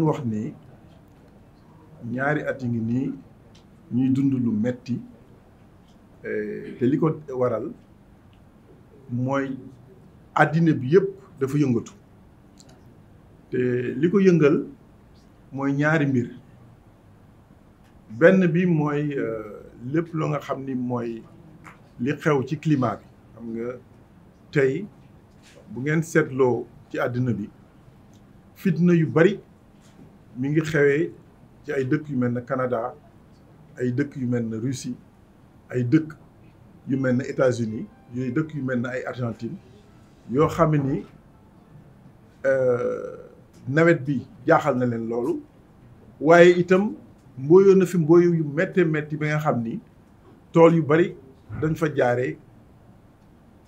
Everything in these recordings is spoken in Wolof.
wax ni ñaari at yi ngi nii ñuy dund lu metti eh, te li ko waral mooy àddina bi yëpp dafa yëngatu te li ko yëngal mooy ñaari mbir benn bi mooy euh, lépp loo nga xam ni mooy li xew ci climat bi xam nga tey bu ngeen seetloo ci àddina bi fitna yu bari mi ngi xewee ci ay dëkk yu mel ne Canada ay dëkk yu mel ne Russie ay dëkk yu mel ne États-Unis yooyu dëkk yu mel ne ay Argentine yoo xam ni euh, nawet bi jaaxal na leen loolu waaye itam mbooyoon na fi mbooyu yu méttee métti bi nga xam ni tool yu bari dañ fa jaare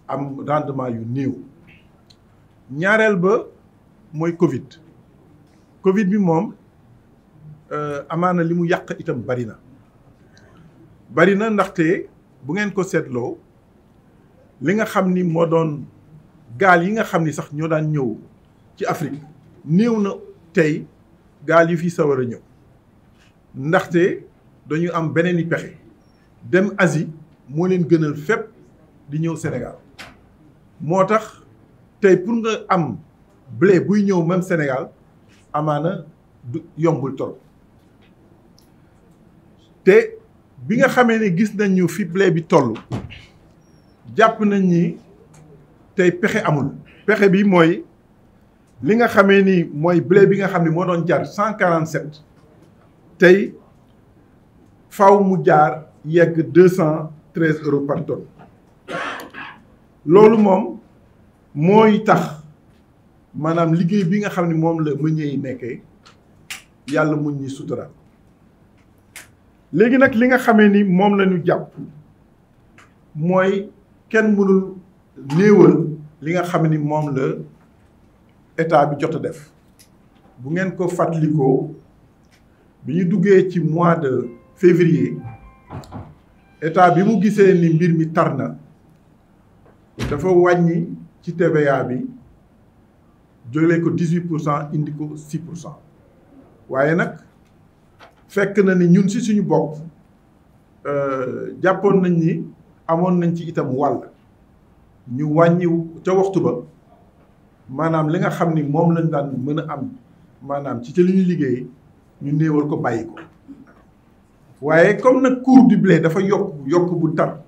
am rendement yu néew ñaareel ba mooy Covid. Covid bi moom euh, amaana li mu yàq itam bari na bari na ndaxte bu ngeen ko seetloo li nga xam ni moo doon gaal yi nga xam ni sax ñoo daan ñëw ci Afrique néew na tey gaal yi fi sawar a ñëw ndaxte dañu am beneen i pexe dem asi moo leen gënal fépp di ñëw Sénégal moo tax tey pour nga am blé buy ñëw même Sénégal. amaana du yombul torop te bi nga xamee ne gis nañ ñu fi blé bi toll jàpp nañ ni tey pexe amul pexe bi mooy li nga xamee ni mooy blé bi nga xam ni moo doon jaar cent quarante tey faw mu jaar yegg deux cent par tonne loolu moom mooy tax maanaam liggéey bi nga xam ni moom la meunier yi nekkee yàlla muñ ñi sutural léegi nag li nga xamee ni moom la ñu jàpp mooy kenn mënul néewal li nga xam ni moom la état bi jot a def bu ngeen ko fàttalikoo bi ñu duggee ci mois de février état bi mu gisee ni mbir mi tar na dafa wàññi ci TVA bi jëlee ko dix huit pour cent indi ko six pour cent waaye nag fekk na ni ñun si suñu bopp euh, jàppoon nañ ni amoon nañ ci itam wàll ñu wàññi ca waxtu ba maanaam li nga xam ni moom lañ daan mën a am maanaam ci ca li ñu liggéey ñu néewal ko bàyyi ko waaye comme nag cours du blé dafa yokk yokk bu tar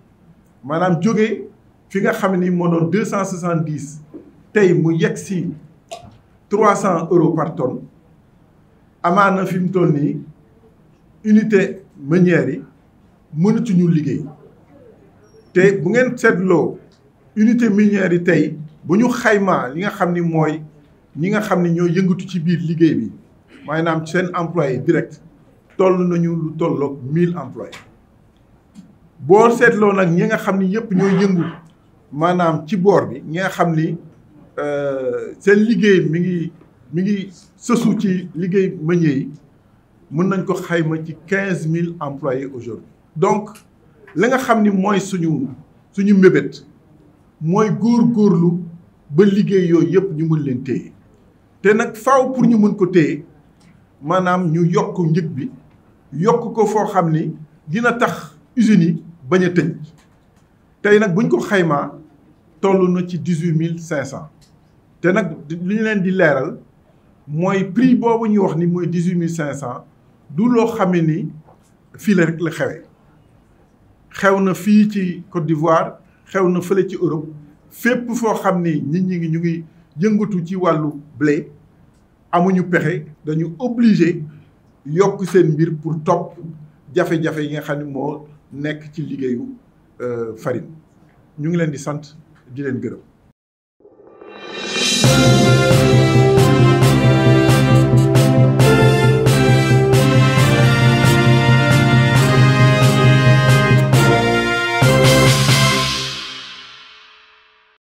maanaam jóge fi nga xam ni moo doon deux cent soixante-dix tey mu yegg si trois cent euros par tonne amaana fi mu toll nii unité meunière yi mënatuñu liggéey te bu ngeen seetloo unité meunière yi tey bu ñu xaymaa li nga xam ni mooy ñi nga xam ni ñoo yëngatu ci biir liggéey bi maanaam seen employé direct toll nañu lu tolloog mille employé boo seetloo nag ñi nga xam ni yëpp ñoo yëngu maanaam ci boor bi ñi nga xam ni Euh, seen liggéey mi ngi mi ngi sësu ci liggéey meunier yi mën nañ ko xayma ci quinze mille employés aujourd'hui donc li nga xam ni mooy suñu suñu mbébét mooy góor-góorlu ba liggéey yooyu yëpp ñu mën leen téye te nag faw pour ñu mën ko téye maanaam ñu yokk njëg bi yokk ko foo xam ni dina tax usines yi bañ a tëj tey nag buñ ko xaymaa tollu na ci dix-huit mille cinq cents te nag li ñu leen di leeral mooy prix boobu ñuy wax ni mooy dix huit cinq cent du loo xamee ni fii la rek la xewee xew na fii ci Côte d'Ivoire xew na fële ci Europe fépp foo xam ni nit ñi ngi ñu ngi yëngatu ci wàllu blé amuñu pexe dañu obligé yokk seen mbir pour topp jafe-jafe yi nga xam ni moo nekk ci liggéeyu euh, farine ñu ngi leen di sant di leen gërëm. Thank you.